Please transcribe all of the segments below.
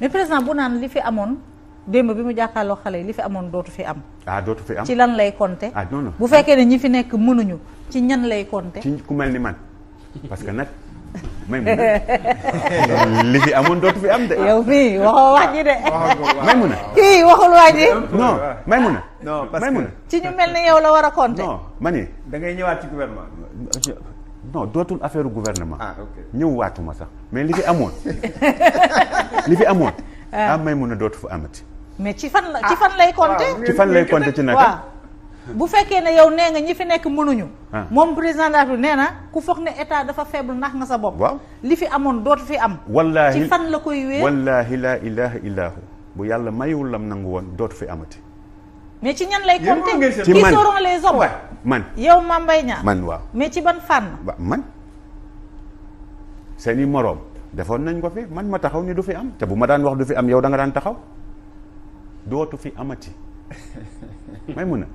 mais président bu naan li fi amoon démb bi mu jàkkaarloo xale yi li fi amoon dootu fi am. ah dootu fi am ci lan lay compter. ah non bu fekkee ne ñi fi nekk mënuñu ci ñan lay compter. ci ku mel ni man parce que nag. may mun a li fi amoon dootu fi am de. yow fii waxoo wax ji de. may mun a. kii waxul wax ji. non may mun a. non parce que ci ñu mel ni yow la war a compter. non ma ne. da ngay ñëwaat ci gouvernement. non dootul affaire gouvernement. ah ok ñëw waatuma sax mais li fi amoon li fi amoon. ah may mun a dootu fa amati. mais ci fan la ci fan lay ah, compter. fan lay naka. bu fekkee ne yow nee nga ñi fi nekk mënuñu. Ah. moom président nee na ku foog ne état dafa faible ndax sa bopp. waaw li fi amoon dootu fi am. wallaahi ci la koy wee. wallaahi laa ilaaha bu yàlla mayul la nangu woon dootu fi amati. mais ci ñan lay compter. ci man les hommes. man yow Mame mbay Niang man waaw mais ci ban fànn waaw man seeni moroom defoon nañ ko fi man ma taxaw ni du fi am te bu ma daan wax du fi am yow danga daan taxaw dootu fi amati may mun a.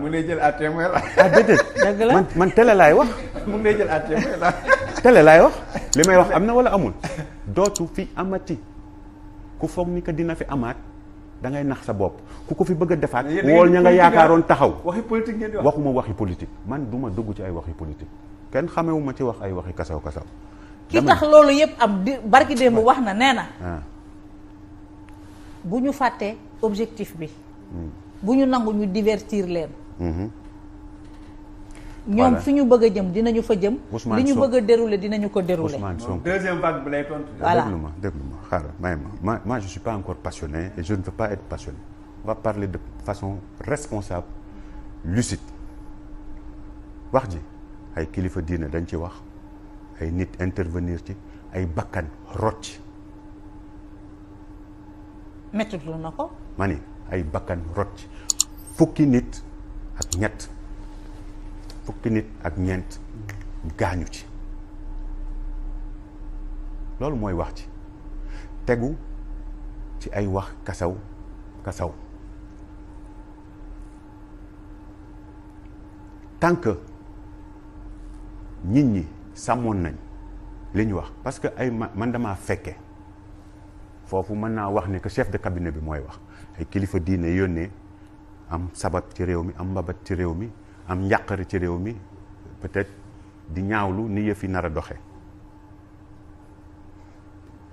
mu ne jël à témoin la. ah laay wax. mu ngi jël à laay wax li may wax am na wala amul dootu fi amati ku foog ni que dina fi amaat. dangay nax sa bopp ku ko fi bëgg a defaat. wool ña nga yaakaaroon taxaw. waxi politique ngeen di wax waxuma waxi politique man duma dugg ci ay waxi politique kenn xamewu ma ci wax ay waxi kasaw kasaw. ki tax loolu yëpp am di barki démb wax na nee na. Ah. bu ñu fàttee objectif bi. Hmm. bu ñu nangu ñu divertir leen. Hmm. ñoom fi ñu bëgg a jëm dinañu fa jëm. li ñu bëgg a dérouler dinañu ko dérouler. Ousmane Sonko deuxième vague bi lay tontu. voilà déglu ma déglu ma xaaral may ma ma je suis pas encore passionné et je ne veux pas être passionné on de façon responsable lucide wax ji ay kilifa diine dañ ci wax ay nit intervenir ci ay bakkan rot ci. méttiwul na ko. ma ni ay bakkan rot ci fukki nit ak ñett. fukki nit ak ñeent gaañu ci loolu mooy wax ci tegu ci ay wax kasaw kasaw tant que nit ñi sàmmoon nañ li ñu wax parce que ay man dama fekke foofu mën naa wax ne que chef de cabinet bi mooy wax ay kilifa diine yónnee am sabab ci réew mi am mbabat ci réew mi am njàqare ci réew mi peut-être di ñaawlu ni yëf yi nar a doxe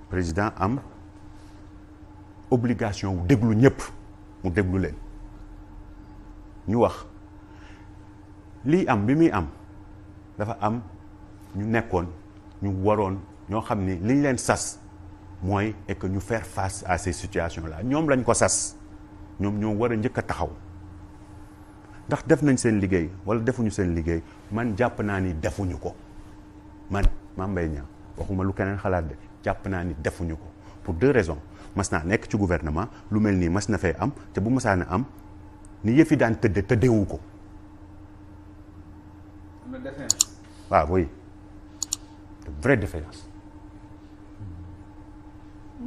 président am obligation déglu ñëpp mu déglu leen ñu wax lii am bi muy am dafa am ñu nekkoon ñu waroon ñoo xam ni liñ leen sas mooy et ñu faire face à ces situations laa ñoom lañ ko sas ñoom ñoo war a njëkk a taxaw ndax def nañ seen liggéey wala defuñu seen liggéey man jàpp naa ni defuñu ko man Mame Mbaye Niang waxuma lu keneen xalaat de jàpp naa ni defuñu ko pour deux raisons mas naa nekk ci gouvernement lu mel nii mas na fay am te bu masaan a am ni yëf daan tëdde tëddeewu ko. waaw ah oui de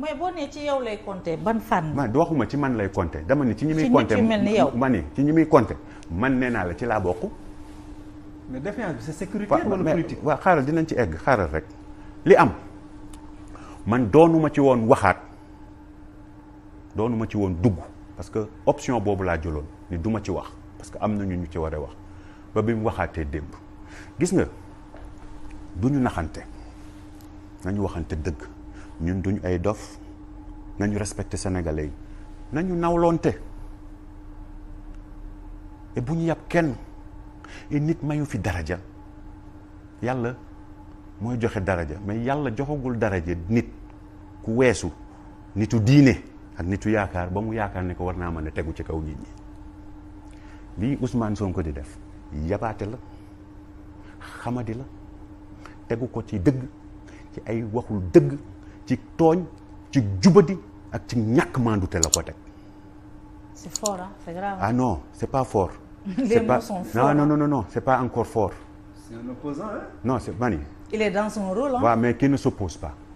mais boo nee ci yow lay compter ban fànn. man waxuma ci man lay compter dama ni ci ñi muy compter ci mel ni yow ma ni ci muy compter man nee naa la ci laa bokk. mais défiance bi c'est sécuritaire wala politique. waaw xaaral dinañ ci egg xaaral rek li am man doonuma ci woon waxaat doonuma ci woon dugg parce que option boobu laa joloon ni duma ci wax parce que am na ñu ñu ci war a wax ba bi mu waxaatee démb gis nga du ñu naxante nañu waxante dëgg. ñun duñ ay dof nañu respecté senegale yi nañu nawlonte et bu ñu yàpp kenn et nit mayu fi daraja yàlla mooy joxe daraja mais yàlla joxagul daraja nit ku weesu nitu diine ak nitu yaakaar ba mu yaakaar ne ko war naa mën a tegu ci kaw nit ñi lii Ousmane ko di def yabaate la xamadi la tegu ko ci dëgg ci ay waxul dëgg ci tooñ ci jubadi ak ci ñàkk mandute la ko teg. c'est fort c'est grave. ah c'est pas fort. les mots pas... sont forts non c'est pas encore fort. c'est c'est mani. il est dans son rôle hein. waaw mais qui ne s'oppose pas.